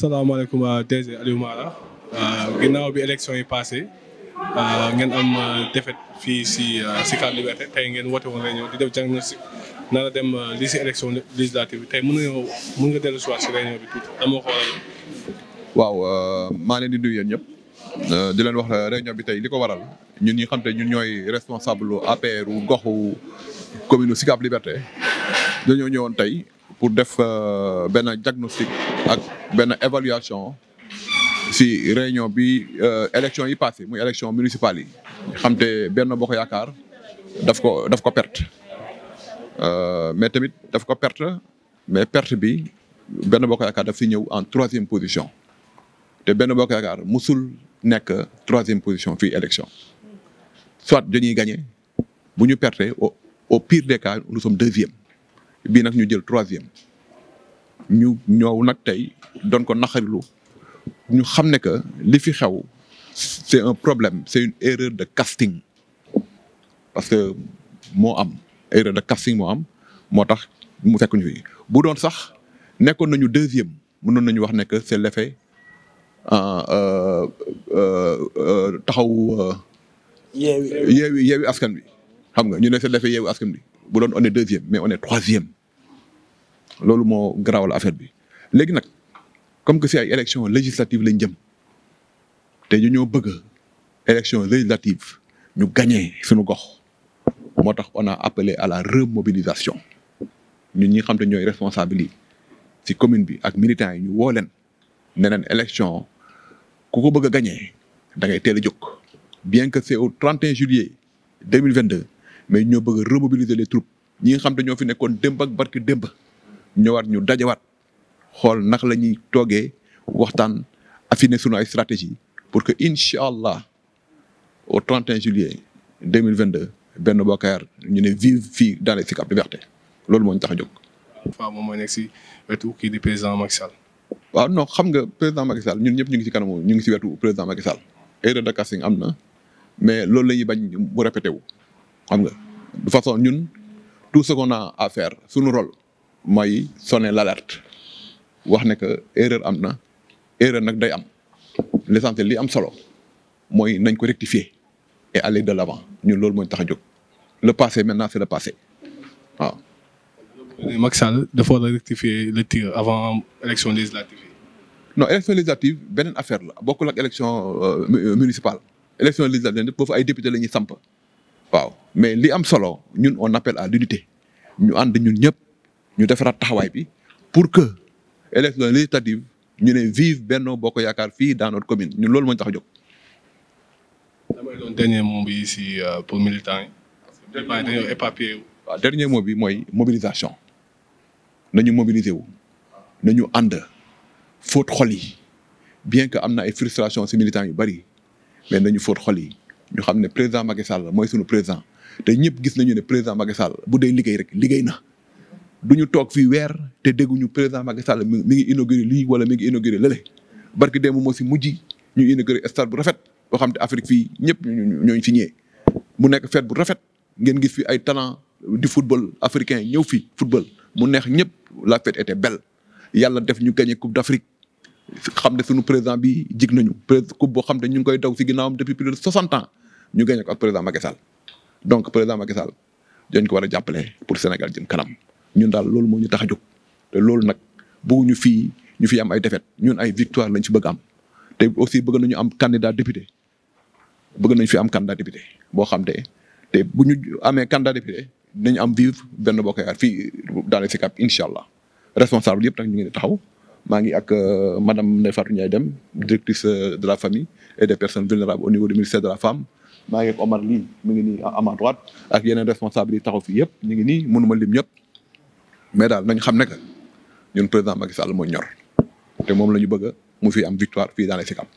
salaamaaleykum euh, DG Aliou Mara euh, ginnaaw bi élection yi passé euh, ngeen am défaite fii si si Sicap Liberté tey ngeen woote woon réunion di def na nar a dem lii si élection législative bi tey mën nañoo mën nga dellu si réunion bi tuuti dama ko waral. waaw maa leen di nuyu yéen ñëpp di leen wax réunion bi tey li ko waral ñu ñi xam te ñun ñooy responsable APR goxu commune Sicap Liberté dañoo ñëwoon tey. pour faire euh, un diagnostic ak évaluation si réunion bi euh, élection yi passé mon élection municipale quand xam te Benno Bokk Yaakaar daf ko perte euh, mais tamit daf ko perte mais perte bi bien Bokk Yakar a si en troisième position te Benno Bokk Yakar, musul que troisième position fii élection soit dañuy gagné bu ñu perdu, au pire des cas nous sommes deuxième bi nak ñu jël 3e ñu ñëw nak tay doon ko naqarilu ñu xam que li fi xew c'est un problème c'est une erreur de casting parce que mo am erreur de casting mo am motax mu fekk ñu fi bu doon sax nekkon nañu deuxième mënoon nañu wax ne que c'est l'effet euh euh euh, euh taxaw euh, yeewi yeewi askan bi xam nga ñu né c'est l'effet yeewi askan bi boule on est deuxième mais on est troisième loolu mo garawal affaire bi. léegi comme que si ay élection législative lañ jëm te ñu élection législative ñu gagné suñu gox moo Donc, on a appelé à la remobilisation ñun ñi xam te ñooy responsable ci commune bi ak militants yi ñu une élection ku ko bëgg gagné da ngay bien que c'est au 31 juillet 2022 mais ñoo bëgg a remobiliser les troupes ñi nga xam te ñoo fi nekkoon démb ak barki démb ñëwaat ñu dajawaat xool naka la ñuy toogee waxtaan affiner sunu ay stratégie pour que incha allah au 31 juillet 2022 Benno Bokk Yaakaar ñu ne vive fii dans les Sicap Liberté loolu mooñ ñu tax a jóg. waaw moom mooy nekk si wetu kii di président Macky Sall. waaw xam nga président Macky ñun ñëpp ñu ngi si kanamu ñu ngi si wetu président Macky Sall erreur am na mais loolu la ñuy bañ mu répété wu. xam nga de façon ñun tout ce qu'on a à faire suñu rôle mooy sonner l'alerte wax ne que erreur am na erreur nag day am l'essentiel li am solo mooy nañ ko rectifier et aller de l'avant ñun loolu mooy tax a jóg le passé maintenant c'est le passé waaw. il Sall dafa rectifier le tir avant élection législative non élection législative beneen affaire la bokkul ak élection euh, municipale élection législative foofu ay député la ñuy samp waaw mais li am solo ñun on appelle à l'unité ñu ànd ñun ñëpp ñu defaraat taxawaay bi pour que élection législative ñu ne vive Benno Bokk Yaakaar fii dans notre commune ñun loolu moo ñu tax a jóg. damay doon dernier mot bi si euh, pour militants yi. dernier mot bi mooy mobilisation nañu mobiliser wu nañu ànd fóot xol yi bien que am na ay frustration si militants yu bëri mais nañu fóot xol yi. ñu xam ne président Macky Sall mooy suñu président te ñëpp gis nañu ne président mag Sall bu dee liggéey rek liggéey na. du ñu toog fii weer te dégguñu président mag Sall mi ngi inauguré lii wala mi ngi inauguré lële barki démb moo si mujj ñu inauguré stade bu rafet boo xam te Afrique fii ñëpp ñooñu fi ñëwee. mu nekk fête bu rafet ngeen gis fi ay talent di football africain ñëw fi football mu neex ñëpp la fête était belle yàlla def ñu gagné coupe d'Afrique xam ñu gagné ko ak président Macky Sall donc président Macky Sall dañ ko wara a pour Sénégal jëm kanam ñun dal lool mo ñu taxaju té lool nak bu ñu fi ñu fi am ay défaite ñun ay victoire lañ ci bëgg am té aussi bëgg nañu am candidat député bëgg nañ fi am candidat député bo xam té te bu ñu amé candidat député dañ am vivre benn bokay fi dans les cap inshallah responsable yëpp nag ñu ngi taxaw ma ngi ak euh, madame Ndeye Ndiaye Dem directrice euh, de la famille et des personnes vulnérables au niveau du ministère de la femme maa ngi ak Omar lii mi ngi nii à ma droite ak responsable yi taxaw fii yëpp ñu ngi mënuma lim ñëpp mais daal nañ xam ne que ñun président Macky Sall mooy ñor te moom la ñu bëgg mu fi am victoire fii dans les Sicap